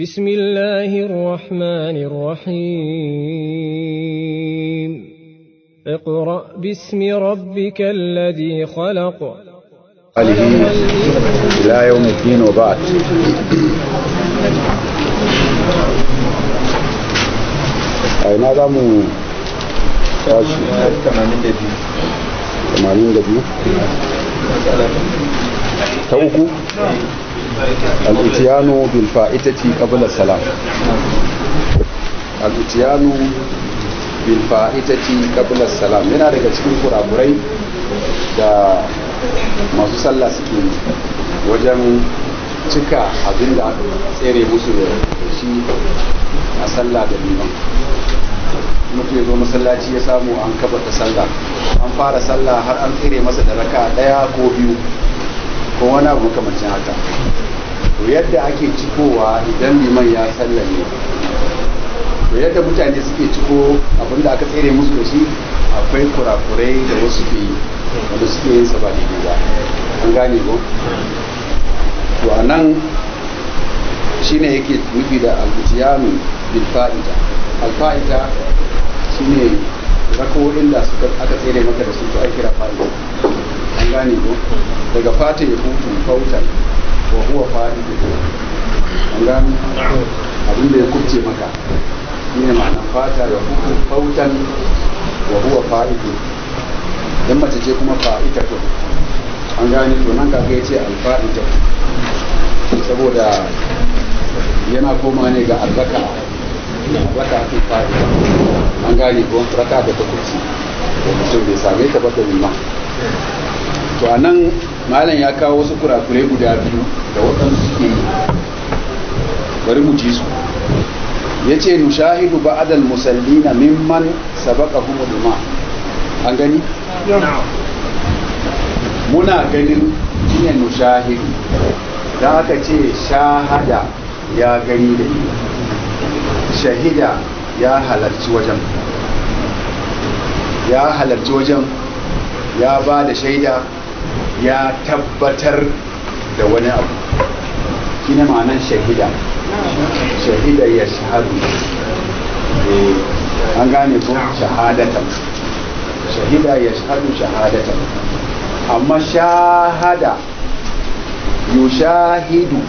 بسم الله الرحمن الرحيم اقرأ باسم ربك الذي خلق آله إلى يوم الدين وبعد أين هذا مو 80 82 80 ta uku al'itiyanu bil fa'itati qabla salam al'itiyanu bil fa'itati salam yana daga cikin kurakurai da masu sallah suke wajen cika abin da tsere musu da shi a sallah da liman mutu zo masallaci ya samu an kabata sallah an fara sallah har an tsere masa da raka ɗaya ko biyu ko wani abu kamacin haka to yadda ake cikowa idan liman ya sallame to yadda mutane suke ciko abinda aka tsere musu da shi akwai kurakurai da wasu ke yi wanda suke yin ba daidai ba an gane ko to a nan shine yake nufi da bin bil fa'ida al fa'ida shine rakawoyin da aka tsere maka da su to ai kira an gane ko daga fata ya hutu fautar wa huwa fadi an gane abin da ya kubce maka shine ma'anar fata ya hutu fautan wa huwa fa'idu dan mace ce kuma fa'ita to an gane to nan kaga yace alfa'ita saboda yana koma ne ga albaka albaka ta fa'ida an gane ko raka da ta kuci mutum bai same ta ba da ma to a nan malam ya kawo wasu kurakurai guda biyu da waɗansu suke yi bari mu ji su ya ce nushahidu ba'adal musallina mimman sabaka kuma duma an gani? muna ganin jiya nushahidu da aka ce shahada ya gani da yi shahida ya halarci wajen ya halarci wajen ya ba da shaida ya tabbatar da wani abu shi ne ma'anar shahida shahida ya shahadu eh, an gane ko shahadatan shahida ya shahadu shahadatan amma shahada shahidu.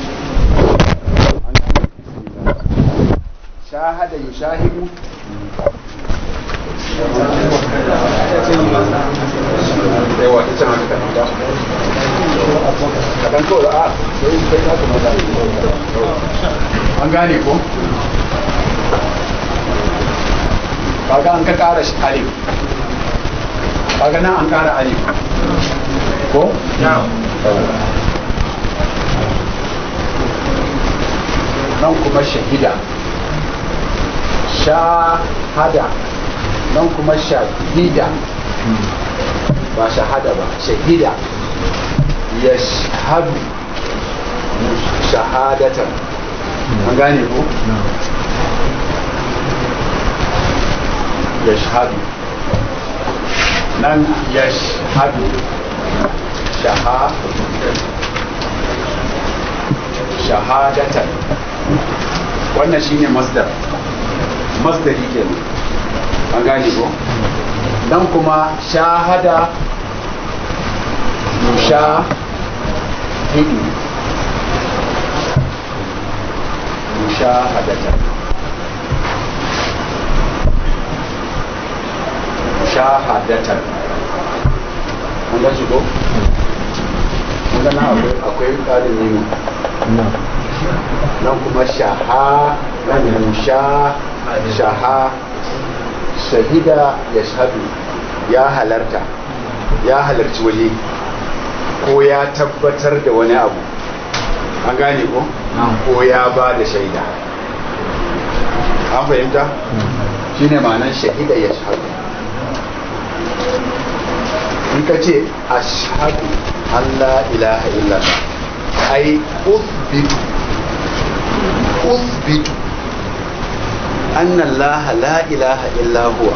shahada shahidu. an gane ko kaga an ka kara shi alif kaga nan an kara alif ko? nan kuma shahida shahada nan kuma shahida ba shahada ba shahida ya shahadu shahadatan an gane ko? ya shahadu nan ya shahadu shahadatan wannan shine masdar masdari kenan an gane ko? nan kuma shahada sha hidu mushahadatan mushahadatan mun ga shigo mun ga nan akwai ƙarin nemo nan kuma shaha nan shaha shaha shahida ya shahadu ya halarta ya halarci waje ko ya tabbatar da wani abu an gane ko ko ya ba da shaida an fahimta shine ma'anar shahida ya shahadu in ka ce a shahadu allah ilaha illallah ai usbitu usbitu anna Allah la ilaha illa huwa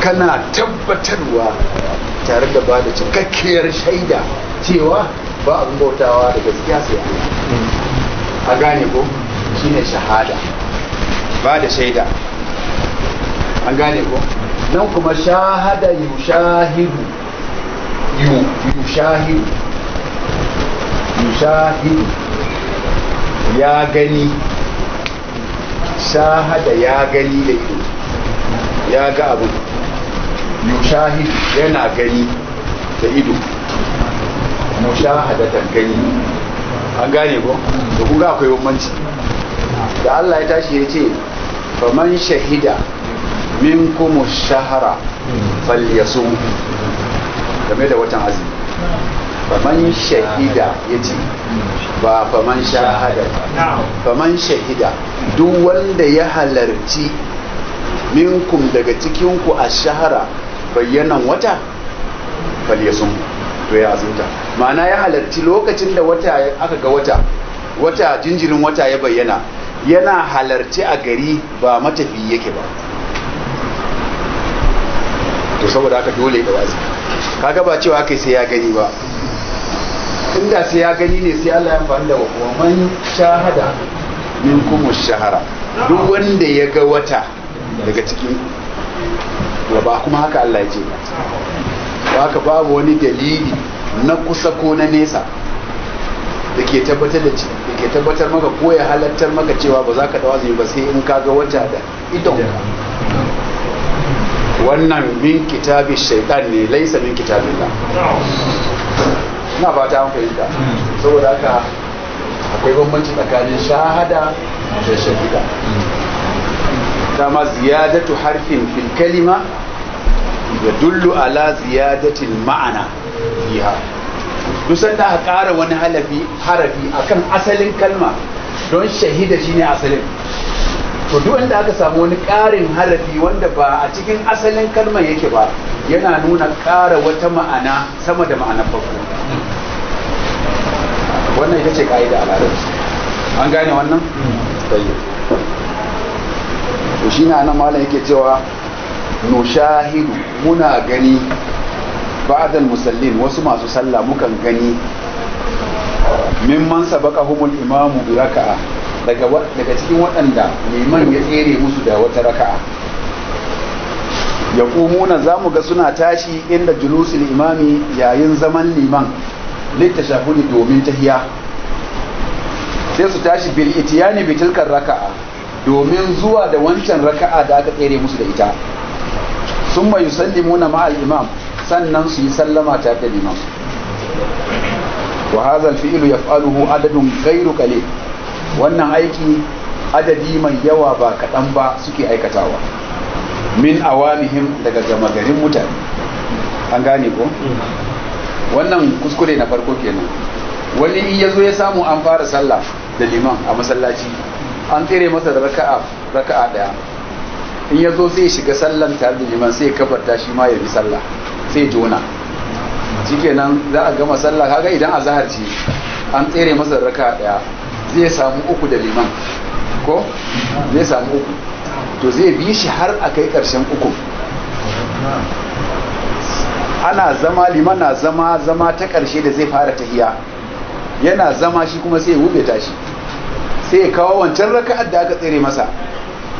kana tabbatarwa tare da ba cikakkiyar shaida cewa ba abin bautawa da gaskiya sai Allah a gane ko shine shahada ba shaida an gane ko nan kuma shahada yushahidu yushahidu ya gani shahada ya gani da ido ya ga abu yushahidu yana gani da ido ta gani an gane ko da kuga akwai bambanci da Allah ya tashi ya ce man shahida min kuma shahara falyasum game da watan azumi faman shahida ya ce ba faman shahada faman shahida duk wanda ya halarci minkum daga cikinku a shahara bayyanan wata falyasun to ya azunta ma'ana ya halarci lokacin da wata aka ga wata wata jinjirin wata ya bayyana yana halarci a gari ba matafi yake ba to saboda aka dole da wazi kaga ba cewa kai sai ya gani ba inda sai ya gani ne sai Allah ya amfani da wa man shahada min kuma shahara duk wanda ya ga wata daga cikin ba kuma haka Allah ya ce ba haka babu wani dalili na kusa ko na nesa da ke tabbatar da da ke tabbatar maka ko ya halattar maka cewa ba za ka dawa zai ba sai in ka ga wata da idon wannan min kitabi shaitan ne laisa min kitabin ina fata an fahimta saboda haka akwai bambanci tsakanin shahada da shahida dama ziyadatu harfin fil kalima dullu ala ziyadatin ma'ana fiha dusan da ƙara wani halafi harafi akan asalin kalma don shahida shine asalin to duk wanda aka samu wani ƙarin harafi wanda ba a cikin asalin kalmar yake ba yana nuna ƙara wata ma'ana sama da ma'anar farko wannan ita ce ka'ida a larabci an gane wannan to shi na nan malam yake cewa nushahidu muna gani Ba'adan musallin wasu masu sallah mukan gani mimman sabaqahumul imamu bi raka'a daga cikin waɗanda liman ya tsere musu da wata raka'a ya zamu za mu ga suna tashi inda julusul imami yayin zaman liman litta shahudi domin tahiya sai su tashi bil itiyani bi tilkar raka'a domin zuwa da wancan raka'a da aka tsere musu da ita sun mai na ma'al imam sannan su yi sallama ta da imam wa hadha al-fi'lu yaf'aluhu adadun ghayru qalil wannan aiki adadi mai yawa ba kaɗan ba suke aikatawa min awamihim daga gama mutane an gane ko wannan kuskure na farko kenan wani in ya zo ya samu an fara sallah da liman a masallaci an tsere masa da raka'a raka'a daya in ya zo sai shiga sallan tare da liman sai kafarta shi ma ya bi sallah sai jona shikenan za a gama sallah kaga idan a zahar ce an tsere masa da raka'a daya zai samu uku da liman ko zai samu uku to zai bi shi har a kai karshen uku ana zama liman na zama zama ta ƙarshe da zai fara tahiya yana zama shi kuma sai ya hube tashi sai ya kawo wancan raka'ar da aka tsere masa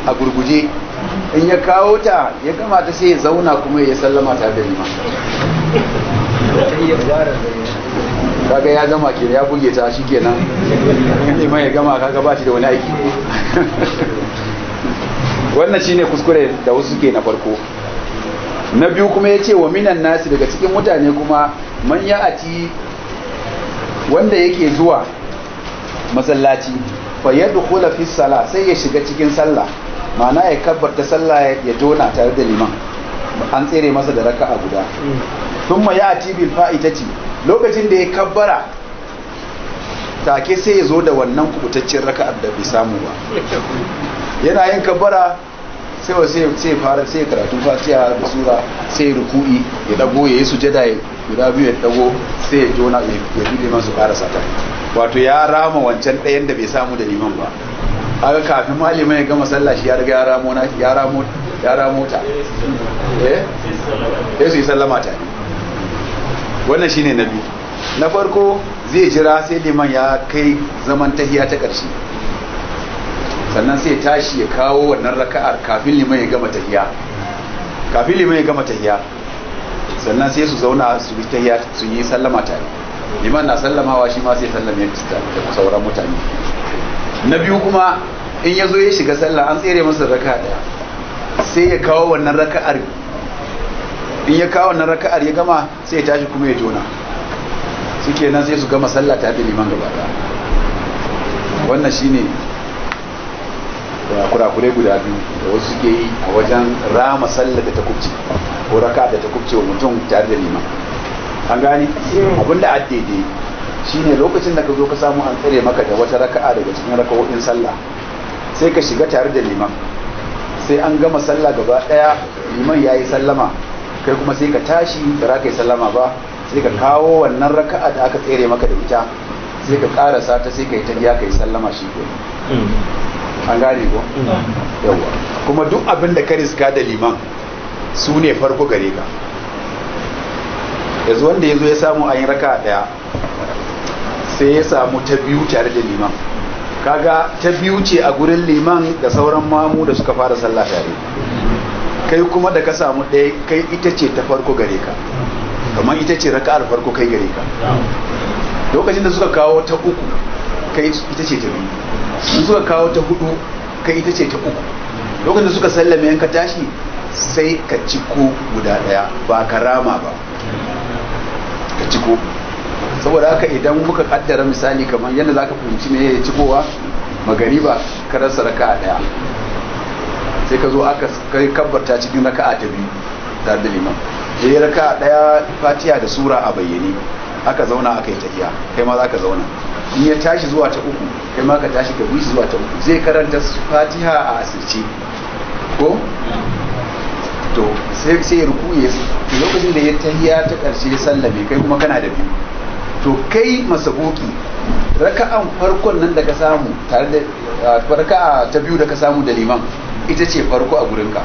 a gurguje in ya kawo ta ya kamata sai ya zauna kuma ya sallama ta da liman kaga ya gama ke ya buge ta shi kenan liman ya gama kaga ba shi da wani aiki wannan shine kuskure da wasu ke na farko na biyu kuma ya ce wa minan nasi daga cikin mutane kuma man ya ati wanda yake zuwa masallaci Ba ya dukula fi sala sai ya shiga cikin sallah ma'ana ya kabbarta sallah ya jona tare da liman an tsere masa da raka a guda sun ma ya ati bil ce. lokacin da ya kabbara take sai ya zo da wannan kubutaccen raka'ar da bai samu ba yana yin kabbara sai sai sai fara sai karatu fatiha da sura sai ruku'i ya dago yayi sujada ya guda biyu ya dago sai ya jona ya bi liman su fara sata wato ya rama wancan ɗayan da bai samu da liman ba aga kafin malamai ya gama sallah shi ya riga ya ramo na ya ramo ya ramo ta eh yesu su yi sallama ta wannan shine na na farko zai jira sai liman ya kai zaman tahiya ta ƙarshe sannan sai tashi ya kawo wannan raka'ar kafin liman ya gama tahiya kafin liman ya gama tahiya sannan sai su zauna su bi tahiya su yi sallama tare liman na sallamawa shi ma sai sallama ya tsita da sauran mutane na biyu kuma in ya zo ya shiga sallah an tsere masa raka daya sai ya kawo wannan raka'ar in ya kawo wannan raka'ar ya gama sai ya tashi kuma ya jona suke nan sai su gama sallah tare da liman gaba daya wannan shine kurakurai guda biyu da wasu suke yi a wajen rama sallar da ta kubce ko raka da ta kubce wa mutum tare da liman an gani abin da addede ne lokacin da ka zo ka samu an tsare maka da wata raka'a daga cikin raka'o'in sallah sai ka shiga tare da liman sai an gama sallah gaba daya liman yi sallama kai kuma sai ka tashi da raka yi sallama ba sai ka kawo wannan raka'a da aka tsere maka da ita sai ka karasa ta sai ka yi tafiya ka yi sallama shi ke an gane ko mm. yawa kuma duk abin da ka riska da liman su ne farko gare ka yanzu wanda ya zo ya samu a yin raka daya sai ya samu ta biyu tare da liman kaga ta biyu ce a gurin liman da sauran mamu da suka fara sallah tare kai kuma da ka samu ɗaya kai ita ce ta farko gare ka kamar ita ce raka'ar farko kai gare ka lokacin da suka kawo ta uku kai ita ce ta biyu sun suka kawo ta hudu kai ita ce ta uku lokacin suka sallame yanka tashi sai ka ciko guda daya ba ka rama ba ka ciko saboda haka idan muka kaddara misali kamar yadda za ka fahimci me ya cikowa ba ka rasa raka daya sai ka zo aka kai kabbarta cikin raka'a ta biyu da liman ya yi raka daya fatiya da sura a bayyane aka zauna aka yi tafiya kai ma za ka zauna in ya tashi zuwa ta uku kai ma ka tashi ka bi zuwa ta uku zai karanta fatiha a asirce ko to sai sai ruku ya lokacin da ya tahiya ta karshe sallame kai kuma kana da biyu to kai masabuki raka'an farkon nan da ka samu tare da raka'a ta biyu da ka samu da liman ita ce farko a gurin ka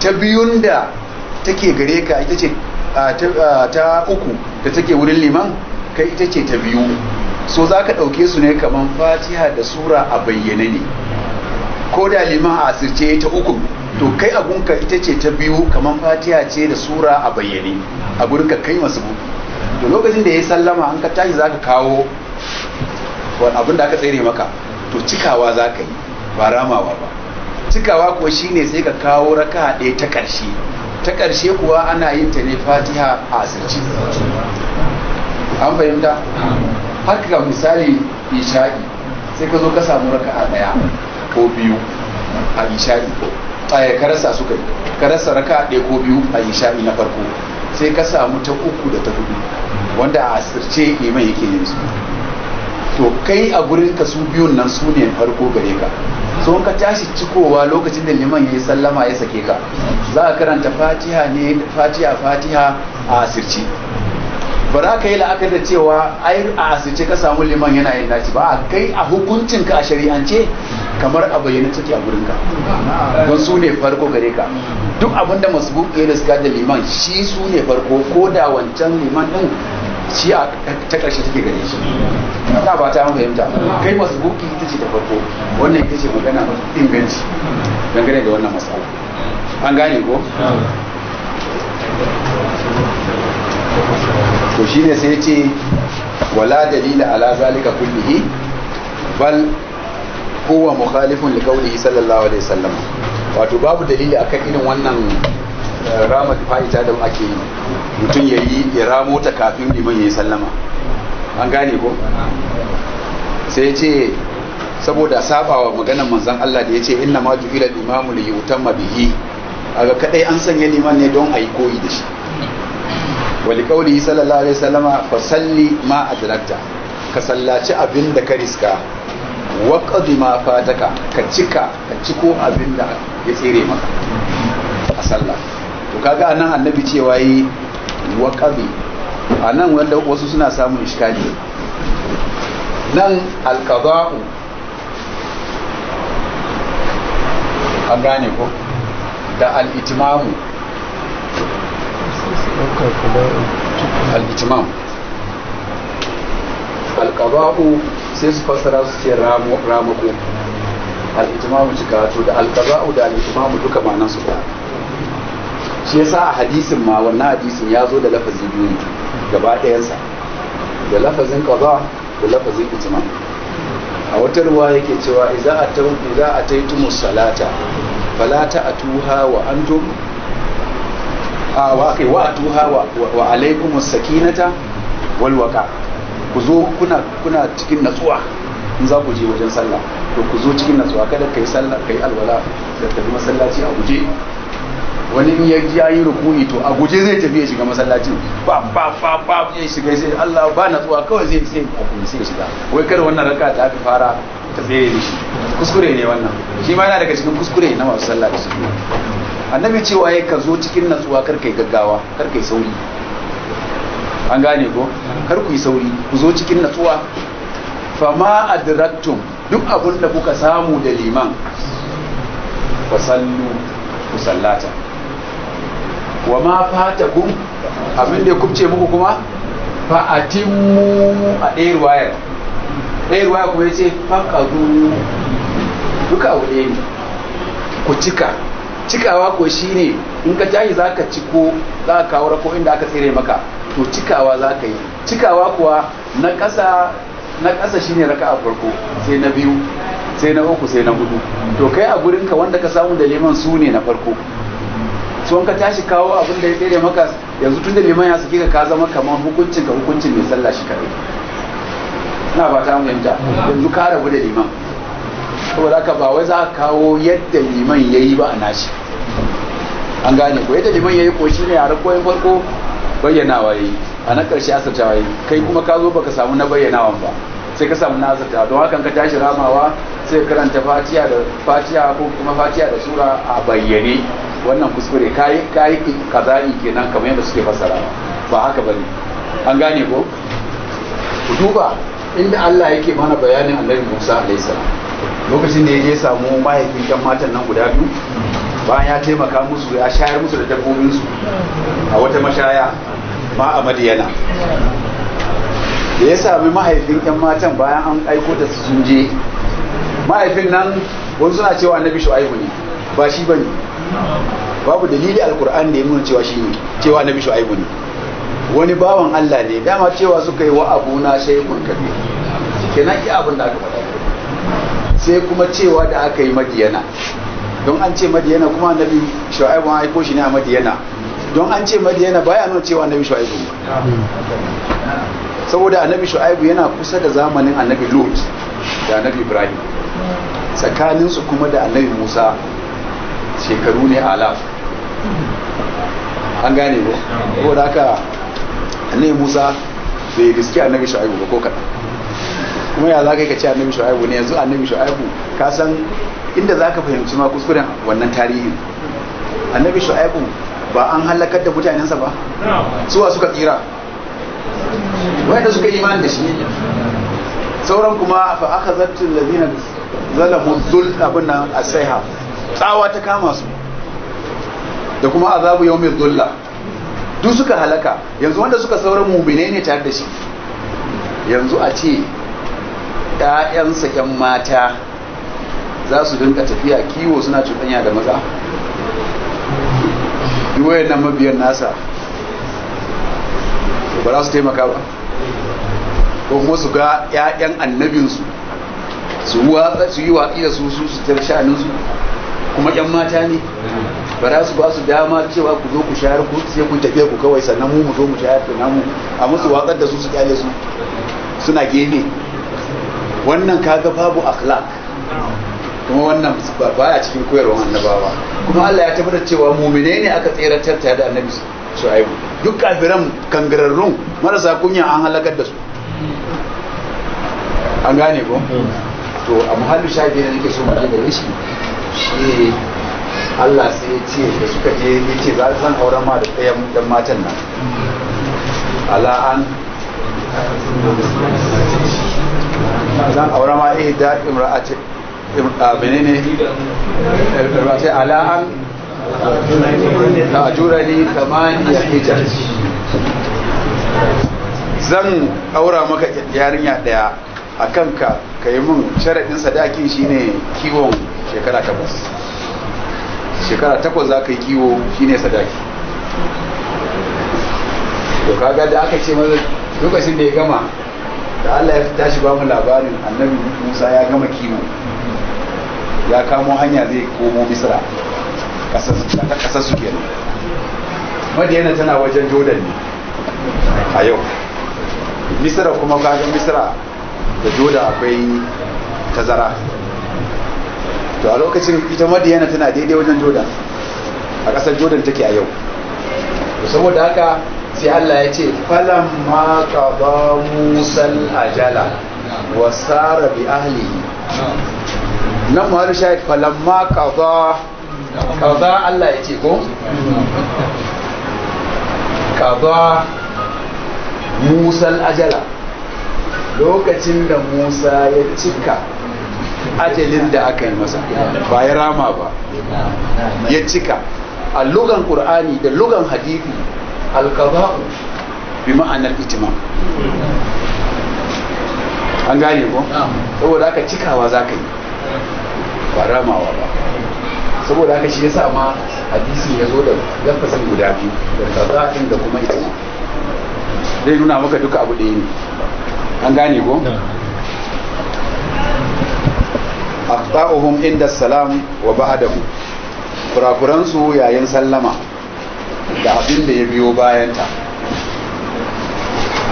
ta biyun da take gare ka ita ce ta uku da take wurin liman kai ita ce ta biyu so za ka ɗauke su ne kamar fatiha da sura a bayyane ne ko da liman a asirce ta uku to kai abunka ita ce ta biyu kamar fatiha ce da sura a bayyane a gurinka kai masu to lokacin da ya sallama an ka tashi za ka kawo abin da aka tsere maka to cikawa za ka yi ba ramawa ba cikawa ko shine sai ka kawo raka ɗaya ta ƙarshe ta ƙarshe kuwa ana yin ta ne fatiha a asirci an fahimta haka ga misali isha'i sai ka zo ka samu raka a ɗaya ko biyu a isha'i a ka rasa suka yi ka rasa raka ɗaya ko biyu a isha'i na farko sai ka samu ta uku da ta hudu wanda a asirce liman yake yin su to kai a gurin ka su biyun nan su ne farko gare ka so ka tashi cikowa lokacin da liman ya yi sallama ya sake ka za ka karanta fatiha ne fatiha fatiha a asirci ba za ka yi la'akar da cewa ai a asirce ka samu liman yana yin naci ba kai a hukuncin ka a shari'ance kamar a bayyana take a gurinka don su ne farko gare ka duk abin da masu buɗe da suka da liman shi su ne farko ko da wancan liman ɗin ci a ta ƙarshe take gare shi na ba ta fahimta kai masu buki ita ce ta farko wannan ita ce magana mafi inganci dangane da wannan matsala an gane ko to ne sai ce wala dalila ala zalika kullihi bal kowa mukhalifun li qawlihi sallallahu alaihi wasallam wato babu dalili akan irin wannan rama fa'ita da ake yi mutum ya yi ya ramo ta kafin liman ya yi sallama an gane ko sai ce saboda sabawa maganar manzan Allah da ya ce inna ma ju'ila imamu li yutamma bihi aga kadai an sanya liman ne don ayi koyi da shi wali kauli sallallahu alaihi wasallama fa salli ma adrakta ka sallaci abin da ka riska wa ma fataka ka cika ka ciko abin da ya tsere maka a sallah to kaga anan annabi cewa yi wa anan wanda wasu suna samun iskali nan alqada'u an gane ko da al'itimamu al'itimamu al sai su fassara su ce ramako al-itmamu cika to da al da al'itimamu duka duka nan su ba shi yasa a hadisin ma wannan hadisin ya zo da lafazi biyu gaba ɗayansa da lafazin qada da lafazin itima a wata ruwa yake cewa za a taitu musalata falata a tuha wa antum a wa a wa wa alaykumus sakinata walwaka ku zo kuna cikin natsuwa in za ku je wajen sallah to ku zo cikin natsuwa kada ka sallah alwala da tafi masallaci a guje wani ya ji ayi rukuni to a guje zai tafi ya shiga masallaci ba ba ba ba ya shiga sai Allah ba natsuwa kawai zai sai kokon sai shiga wai kada wannan raka ta fi fara ta tsere da shi kuskure ne wannan shi ma yana daga cikin kuskure na masu sallah da sunna annabi cewa ya ka zo cikin natsuwa kar kai gaggawa kar kai sauri an gane ko kar ku yi sauri ku zo cikin natsuwa fama adraktum duk abin da kuka samu da liman fasallu ku sallata wa ma kun abin da ya kubce muku kuma fa atimmu a ɗaya ruwayar ɗaya ruwayar kuma ya ce faƙadu duka abu ne ku cika cikawa ko shi ne in ka tashi za ka ciko za ka kawo rako inda aka tsere maka to cikawa za ka yi cikawa kuwa na ƙasa na ƙasa shine raka a farko sai na biyu sai na uku sai na hudu to kai a gurinka wanda ka samu da liman su ne na farko so ka tashi kawo abin da ya tsere maka yanzu tun da liman ya saki ka zama kamar hukuncin ka hukuncin mai sallah shi kare na ba ta fahimta yanzu ka rabu da liman saboda haka ba wai za ka kawo yadda liman ya yi ba a nashi an gane ko yadda liman ya yi ko shi ne a rakoyin farko bayyanawa yi a na karshe asartawa ya yi kai kuma ka zo baka samu na bayyanawa ba sai ka samu na asartawa don hakan ka tashi ramawa sai karanta fatiya da fatiya ko kuma fatiya da sura a bayyane wannan kuskure kayi kayi kaza'i kenan kamar yadda suke fasara ba haka bane an gane ko ku duba inda Allah yake mana bayanin Annabi Musa alaihi salam lokacin da ya je samu mahaifin kan matan nan guda biyu bayan ya taimaka musu ya shayar musu da su a wata mashaya ma a madiyana da ya sami mahaifin yan matan bayan an aiko ta su sun je mahaifin nan wani suna cewa annabi shu'aibu ne ba shi bane babu dalili alkur'an da ya nuna cewa shi ne cewa annabi shu'aibu ne wani bawan Allah ne dama cewa suka yi wa abu abuna shaykhun kabir kenan iya abin da aka faɗa sai kuma cewa da aka yi madiyana don an ce madiyana kuma annabi shu'aibu an aiko shi ne a madiyana don an ce madiyana baya nuna cewa annabi shu'aibu saboda annabi shu'aibu yana kusa da zamanin annabi lut da annabi ibrahim tsakaninsu kuma da annabi musa shekaru ne alaf an gane ko ko da aka ne Musa bai riski annabi Shu'aibu ba ko kada kuma ya za ka ce annabi Shu'aibu ne yanzu annabi Shu'aibu ka san inda ka fahimci ma kuskuren wannan tarihi annabi Shu'aibu ba an halakar da mutanensa ba suwa suka tsira da suka imani da shi sauran kuma fa aka zartun lazina zalamu zul abin nan asaiha tsawa ta kama su da kuma azabu yau mai dulla duk suka halaka yanzu wanda suka saura mubine ne tare da shi yanzu a ce ‘ya'yansa ‘yan mata za su dinka tafiya kiwo suna cutanya da maza yiwuwa nan mabiyan nasa ba za su taimaka ba ko kuma su ga 'ya'yan annabinsu su yi watsi da su su su kuma yan mata ne ba za su ba su dama cewa ku zo ku shayar ku sai ku tafiya ku kawai sannan mu mu zo mu shayar da namu a musu watsar da su su kyale su suna gene. wannan kaga babu akhlaq kuma wannan baya cikin koyarwar annabawa kuma Allah ya tabbatar cewa mumine ne aka tseratar tare da annabi Shu'aibu duk kafiran kangararrun marasa kunya an halakar da su an gane ko hmm. to a muhallu shafi ne nake so mu da rishi shi Allah sai ya ce da suka je ya ce za zan auren ma da ɗaya mutan matan nan ala'an zan aure ma eh da imra'ati ne imra'ati ala'an ta ya kamaniya hijar zan aura maka yarinya ɗaya. a kanka ka yi mun sharaɗin sadaki shine kiwon shekara takwas shekara takwas za ka yi kiwo shine sadaki to kaga da aka ce maza lokacin da ya gama da Allah ya tashi ba mu labarin annabi Musa ya gama kiwo ya kamo hanya zai komo Misra kasar su kenan madiyana tana wajen jordan ne a yau misra kuma kaga misra da dole akwai tazara to a lokacin ita madiyana tana daidai wajen joda a ƙasar jordan take a yau saboda haka sai allah ya ce falan ma ka ba musal ajala wa tsara bi ahli nan ma shahid falan ma ka ba ka allah ya ce ko ka musal ajala lokacin da musa ya cika ajalin da aka yi masa ba ya rama ba ya cika a lugan ƙur'ani da lugan hadithi Alkaba'u bi ma'anar itima. an gane ko saboda aka cikawa za ka yi ba ramawa ba saboda haka shi ya sa ma hadisi ya zo da lafazin guda biyu da kaza'in da kuma itima. zai nuna maka duka abu ɗaya ne an gane ko akhta'uhum inda salam wa ba'dahu kurakuran su yayin sallama da abin da ya biyo bayan ta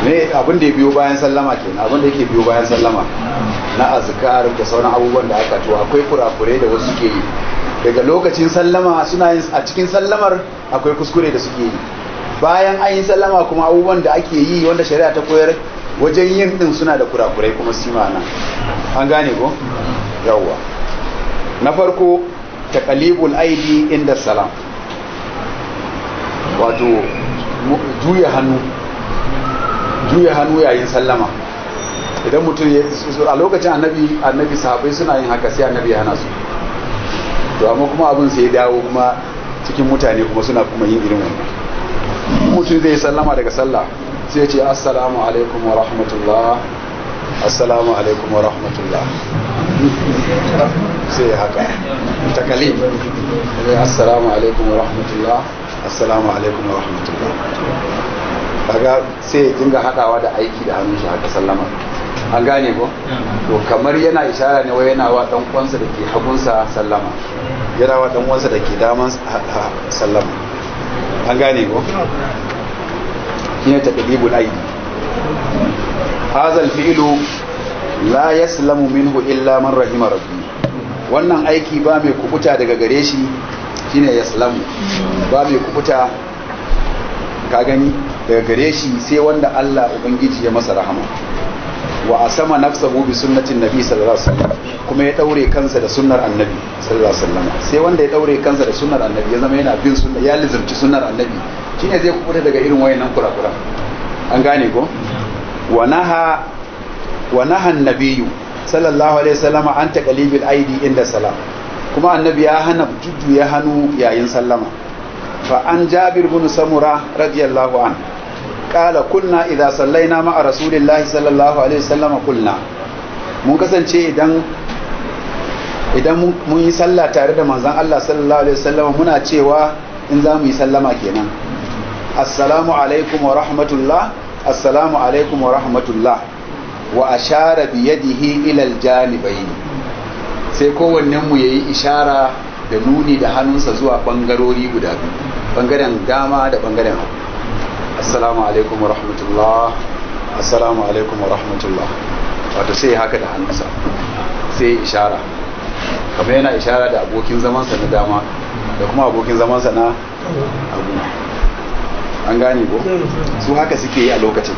ne abin da ya biyo bayan sallama kenan abin da yake biyo bayan sallama na azkar da sauran abubuwan da aka to akwai kurakure da wasu ke yi daga lokacin sallama suna yin a cikin sallamar akwai kuskure da suke yi bayan an yi sallama kuma abubuwan da ake yi wanda shari'a ta koyar wajen yin din suna da kurakurai kuma sima nan an gane ko yawwa na farko taqalibul aidi inda salam wato juya hannu juya hannu yayin sallama idan mutum a lokacin annabi annabi sahabbai suna yin haka sai annabi ya hana su to amma kuma abin sai ya dawo kuma cikin mutane kuma suna kuma yin irin wannan mutum zai sallama daga sallah sai ce assalamu alaikum wa rahmatullah assalamu alaikum wa rahmatullah sai haka takali assalamu alaikum wa rahmatullah assalamu alaikum wa rahmatullah daga sai dinga hadawa da aiki da hannun shi haka sallama an gane ko to kamar yana ishara ne wai yana wa dan kwansa da ke hagunsa sallama yana wa dan uwansa da ke daman sallama an gane ko shine taqlibul aidi hazal fi'lu la yaslamu minhu illa man rahima rabbi wannan aiki ba mai kubuta daga gare shi shine yaslamu ba mai kubuta ka gani daga gare shi sai wanda Allah ubangiji ya masa rahama wa asama nafsahu bi sunnatin nabi sallallahu alaihi wasallam kuma ya daure kansa da sunnar annabi sallallahu alaihi wasallam sai wanda ya daure kansa da sunnar annabi ya zama yana bin sunna ya lizurci sunnar annabi shine zai kubuta daga irin wayannan kurakura an gane ko wa naha wa naha annabiyyu sallallahu alaihi wasallam an taqlibil aidi inda salam kuma annabi ya hana ya hannu yayin sallama fa an jabir bin samura radiyallahu anhu qala kunna idza sallaina ma'a rasulillahi sallallahu alaihi wasallam kunna mun kasance idan idan mun yi sallah tare da manzon Allah sallallahu alaihi wasallam muna cewa in za mu yi sallama kenan assalamu alaikum wa rahmatullah assalamu alaikum wa rahmatullah wa ashara bi yadihi ila aljanibayn sai kowannen mu yayi ishara da nuni da hannunsa zuwa bangarori guda biyu bangaren dama da bangaren hagu assalamu alaikum wa rahmatullah assalamu alaikum wa rahmatullah wato sai haka da hannunsa sai ishara kamar yana ishara da abokin zamansa na dama da kuma abokin zamansa na abu an gane ko su haka suke yi a lokacin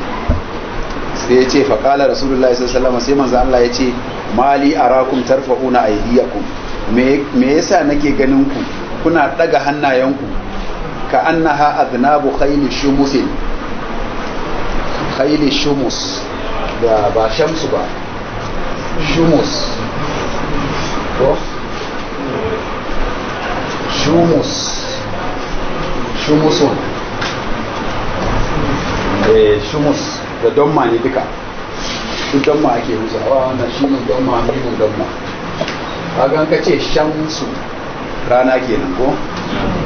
sai ya ce faƙala rasulullah sallallahu sai manzo Allah ya ce mali a arakum a aydiyakum me yasa nake ganin ku kuna daga hannayenku ka annaha adnabu khayli shumusin khayli shumus da ba shamsu ba shumus ko shumus shumusun eh shumus da domma ne duka su damma ake musawa na shi mun damma mimun damma kagan ka ce shamsu rana kenan ko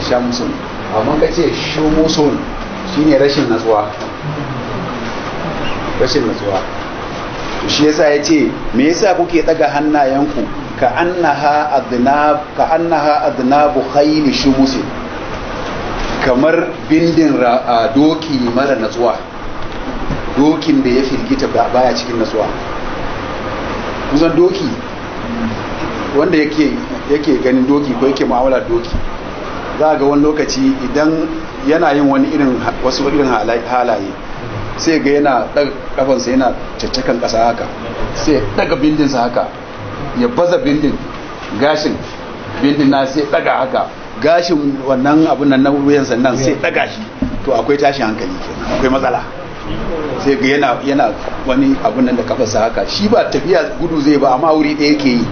shamsun amma ka ce shumusun shine rashin natsuwa rashin natsuwa to shi yasa ya ce me yasa kuke daga hannayenku ka annaha adnab ka annaha adnabu khayli shumusin kamar bindin doki mara natsuwa dokin da ya firgita baya cikin natsuwa kusan doki wanda yake ganin doki ko yake mu'amala doki za ga wani lokaci idan yana yin wani irin wasu irin halaye sai ga yana kafansa yana caccakan ƙasa haka sai daga bindinsa haka ya baza bindin gashin bindin na sai daga haka gashin wannan abin nan na wuyan sannan sai daga shi to akwai tashin hankali kenan akwai matsala sai ga yana wani abin nan da kafansa haka shi ba tafiya gudu zai ba amma wuri ɗaya ke yi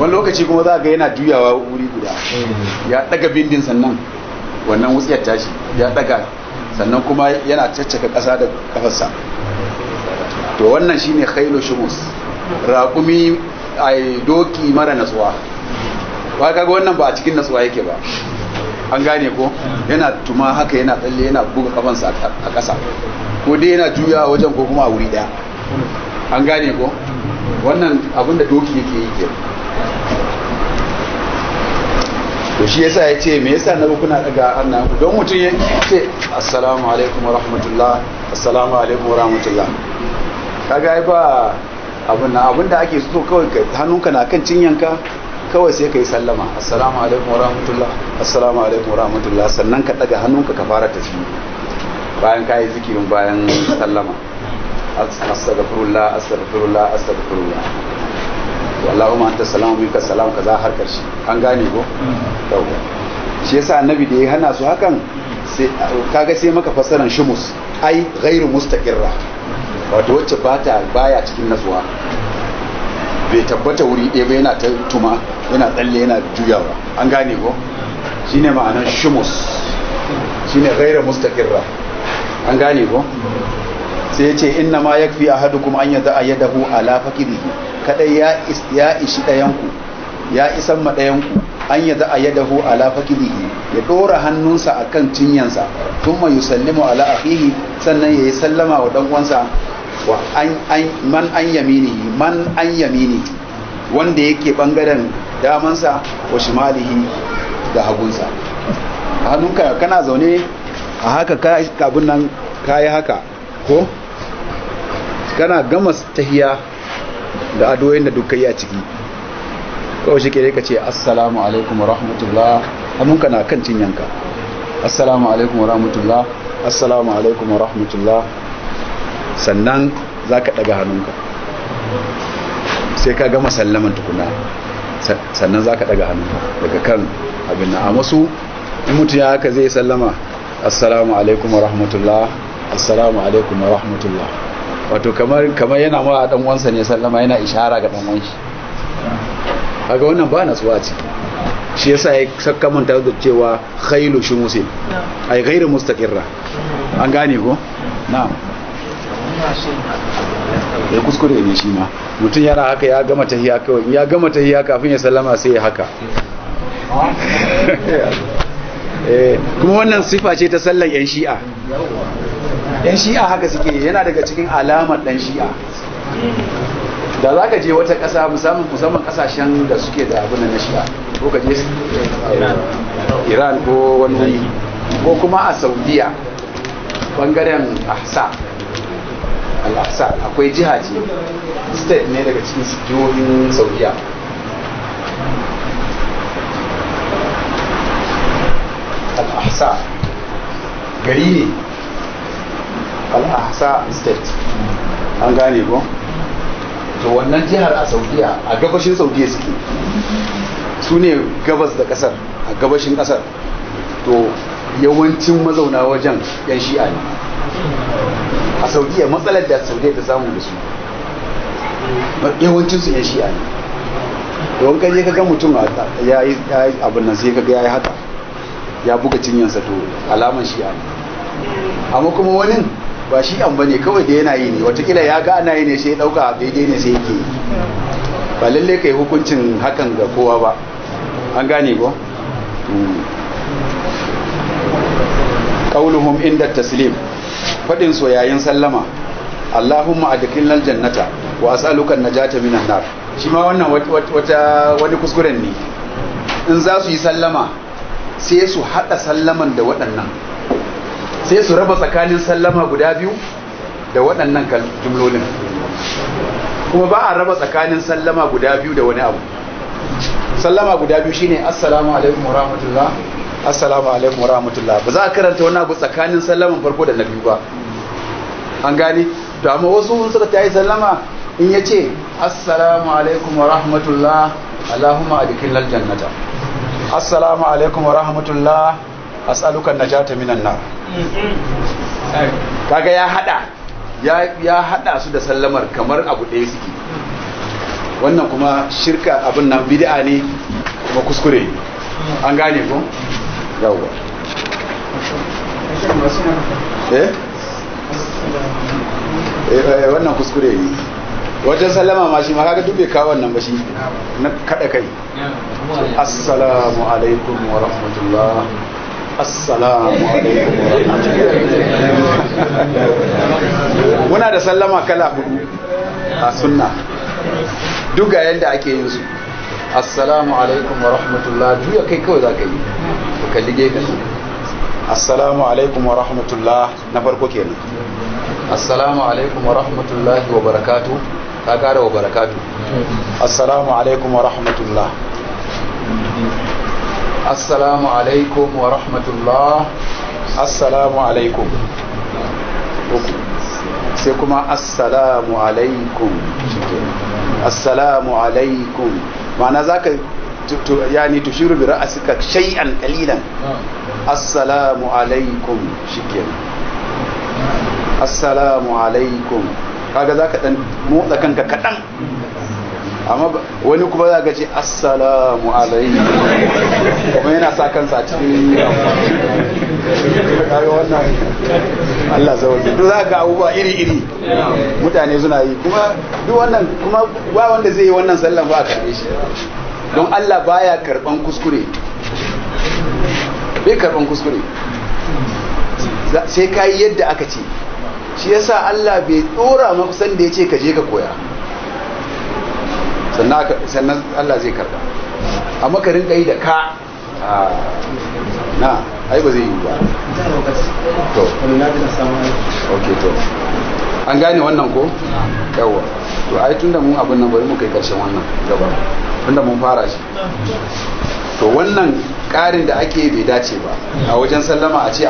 wani lokaci kuma za ga yana juyawa wuri guda ya daga bindin sannan wannan wutsiyar tashi ya daga sannan kuma yana caccaka ƙasa da kafarsa to wannan shine khailu shumus raƙumi ai doki mara natsuwa ba kaga wannan ba a cikin natsuwa yake ba an gane ko yana tuma haka yana tsalle yana buga kafansa a ƙasa ko dai yana juya wajen ko kuma a wuri ɗaya an gane ko wannan abinda doki yake yi ke shi yasa ya ce me yasa na kuna daga ku don mutum ya ce assalamu alaikum wa rahmatullah assalamu alaikum wa rahmatullah kaga ai ba abun na abun da ake so kawai hannunka na kan cinyanka kawai sai ka yi sallama assalamu alaikum wa rahmatullah assalamu alaikum wa rahmatullah sannan ka daga hannunka ka fara tafi bayan ka yi zikirin bayan sallama astaghfirullah astaghfirullah astaghfirullah Allahumma anta salamu minka salam kaza har karshe an gane ko yawa shi yasa annabi da ya hana su hakan sai kaga sai maka fasaran shumus ai ghairu mustaqirra wato wacce bata baya cikin nasuwa bai tabbata wuri ɗaya ba yana ta tuma yana tsalle yana juyawa an gane ko shine ma'anar shumus shine ghairu mustaqirra an gane ko sai ya ce inna ma yakfi ahadukum an yadda yadahu ala fakirihi kadai ya ishi ɗayanku ya isan ma ɗayanku an za a yadahu ala fakidihi ya ɗora hannunsa akan cinyansa mai yusallimu ala akhihi sannan yayi sallama wa dan wa man an yaminihi man an yamini wanda yake bangaren damansa wa shimalihi da hagunsa hannunka kana zaune a haka ka abin nan kayi haka ko kana gama tahiya da adoyin da dukkan ya ciki kawai shi ke ka ce assalamu alaikum rahmatullah hannunka na kan cinyanka assalamu alaikum rahmatullah assalamu alaikum rahmatullah sannan za ka ɗaga hannunka sai ka gama sallaman tukuna sannan za ka ɗaga hannunka daga kan abin na amasu mutu ya haka zai sallama assalamu alaikum rahmatullah assalamu alaikum rahmatullah wato kamar kamar yana ma dan uwansa ne sallama yana ishara ga dan uwan shi kaga wannan ba natsuwa ce shi yasa ya saka mun da cewa khailu shumusin ai ghairu mustaqirra an gane ko na'am ya kuskure ne shi ma mutum yana haka ya gama tahiya kawai ya gama tahiya kafin ya sallama sai ya haka eh, kuma wannan sifa ce ta sallan yan shi'a yan shi'a haka suke yana daga cikin alamar dan shi'a da za ka je wata ƙasa musamman ƙasashen da suke da abin na shi'a ko ka je eh, iran ko wani ko kuma a saudiya bangaren ahsa al-ahsa akwai jiha ce state ne daga cikin jihohin saudiya al-ahsa gari ne al-ahsa state an gane ko to wannan jihar a saudiya a gabashin saudiya suke su ne gabas da kasar a gabashin kasar to yawancin mazauna wajen yan shi'a ne a saudiya matsalar da saudiya ta samu da su yawancin su yan shi'a ne don kan ka ga mutum ya yi abin nan sai kaga ya yi haka ya buga cinyansa to alaman shi'a ne amma kuma wani ba shi an bane kawai da yana yi ne watakila ya ga ana yi ne sai ya dauka daidai ne sai yake ba lalle kai hukuncin hakan ga kowa ba an gane ko hmm. qauluhum inda taslim fadin soyayin sallama Allahumma adkhilnal jannata wa as'aluka najata minan nar shi ma wannan wata wani kuskuren ne in za su yi sallama sai su hada sallaman da waɗannan sai su raba tsakanin sallama guda biyu da waɗannan jumlolin kuma ba a raba tsakanin sallama guda biyu da wani abu sallama guda biyu shine assalamu alaikum wa rahmatullah assalamu alaikum wa rahmatullah ba za a karanta wani abu tsakanin sallaman farko da na biyu ba an gane to amma wasu sun suka tayi sallama in yace assalamu alaikum wa rahmatullah allahumma lal jannata assalamu alaikum wa rahmatullah as'aluka najata minan nar kaga ya hada ya hada su da sallamar kamar abu ɗaya suke wannan kuma shirka abin nan bid'a ne kuma kuskure an gane ko yawwa eh? Eh, eh eh wannan kuskure ne wajen sallama ma shi ma kaga duk bai kawo wannan ba shi na kada kai assalamu alaikum wa rahmatullah assalamu alaikum muna da sallama kala hudu a sunna duk ga yadda ake yin su assalamu alaikum wa rahmatullah juya kai kawai za ka yi ka kalli gefe assalamu alaikum wa rahmatullah na farko kenan assalamu alaikum wa rahmatullah wa barakatu ta kara wa barakatu assalamu alaikum wa rahmatullah assalamu alaikum wa rahmatullah assalamu alaikum sai kuma assalamu alaikum assalamu alaikum ma'ana za ka yani tushiru bi ra'asika shay'an qalilan assalamu alaikum shikenan assalamu alaikum kaga za ka dan motsa kanka kaɗan. amma wani kuma za ka ce assalamu alaikum kuma yana sa kansa cikin kaga wannan Allah zaune duk za ga abubuwa iri-iri mutane suna yi kuma duk wannan kuma ba wanda zai yi wannan sallan ba a karbe shi don Allah baya karban kuskure bai karban kuskure sai ka yi yadda aka ce shi yasa Allah bai dora san da ya ce ka je ka koya sannan Allah zai karba amma ka ɗai yi da ka ah, na ai ba zai yi ba to ok to an gane wannan ko Yawwa. to ai da mun abin nan bari mu kai karshen wannan gaba Tun da mun fara shi to wannan ƙarin da ake bai dace ba a wajen sallama a ce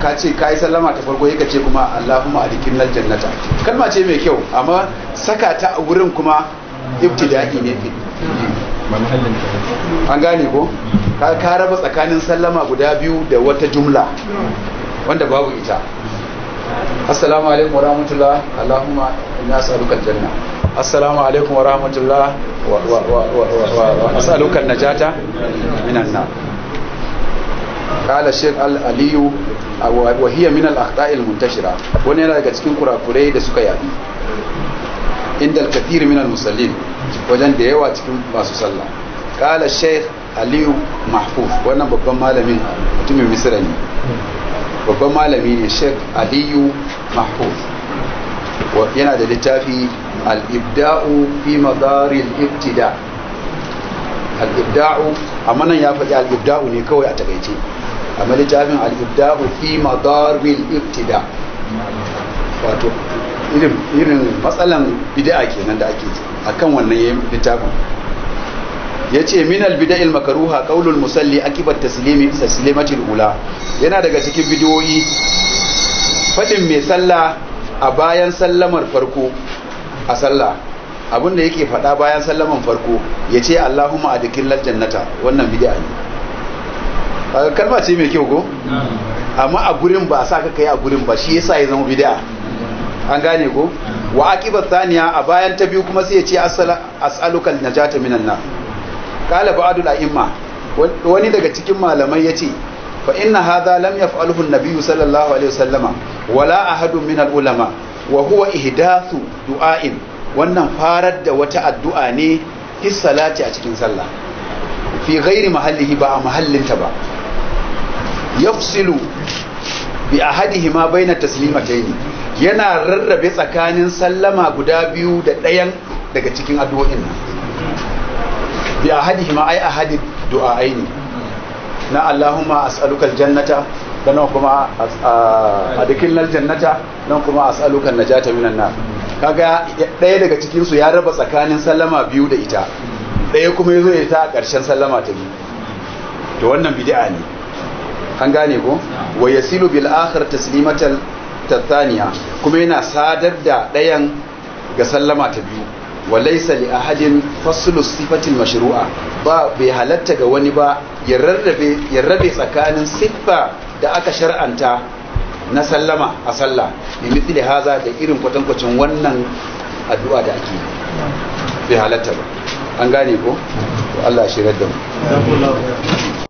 ka ce ka yi sallama ta farko ya ce kuma allahumma alikin nan jannata kalma ce mai kyau amma saka ta a wurin kuma ibtida'i ne fi an gane ko ka raba tsakanin sallama guda biyu da wata jumla wanda babu ita assalamu alaikum wa rahmatullah allahumma inna as'aluka aljanna assalamu alaikum wa rahmatullah wa wa wa wa as'aluka najata minan nar qala shaykh al aliyu wa hiya min al akhta'il muntashira wani yana daga cikin kurakurai da suka yabi inda al-kathir min al-musallin wajen da yawa cikin masu sallah qala shaykh aliyu mahfuz wannan babban malamin mutumin misira ne babban malami ne sheikh aliyu mahfuz yana da littafi al-ibda'u fi madaril ibtida al-ibda'u amma nan ya faɗi al-ibda'u ne kawai a takaice amma littafin al-ibda'u fi madaril ibtida wato irin matsalan bida'a kenan da ake akan wannan yayin littafin ya ce minal bida'il makaruha qaulul musalli akibat taslimi taslimatil ula yana daga cikin bidiyoyi fadin mai sallah a bayan sallamar farko a sallah abinda da yake fada bayan sallaman farko ya ce allahumma adkhilal nata wannan bida'a ne kalma ce mai kyau ko amma a gurin ba a sa ka kai a gurin ba shi yasa ya zama bida'a. an gane ko wa aqibat thaniya a bayan ta biyu kuma sai ya ce as'aluka najata minan nar qala ba'dul a'imma wani daga cikin malamai yace fa inna hadha lam yaf'alhu an-nabiy sallallahu alaihi wasallama wala ahadu min al-ulama wa huwa ihdathu du'a'in wannan farar da wata addu'a ne fi salati a cikin sallah fi ghairi mahallihi ba a mahallinta ba yafsilu bi ahadihima baina taslimataini yana rarrabe tsakanin sallama guda biyu da ɗayan daga cikin addu'o'in nan bi a hadi ma ai a hadi du'a'ai ne na Allahumma as'aluka aljannata da nan kuma a dukkan jannata nan kuma as'aluka najata minan nar kaga ɗaya daga cikin su ya raba tsakanin sallama biyu da ita ɗaya kuma yazo zo ita a ƙarshen sallama ta biyu to wannan bid'a ne an gane ko wa yasilu bil akhir taslimatal hatta kuma yana sadar da ɗayan ga sallama ta biyu walaisa li ahadin fasulu sifatil mashru'a ba bai halatta ga wani ba ya rarrabe rabe tsakanin siffa da aka shar'anta na sallama a sallah bi mithli haza da irin kwatankwacin wannan addu'a da ake bai halatta ba an gane ko Allah ya shirar da mu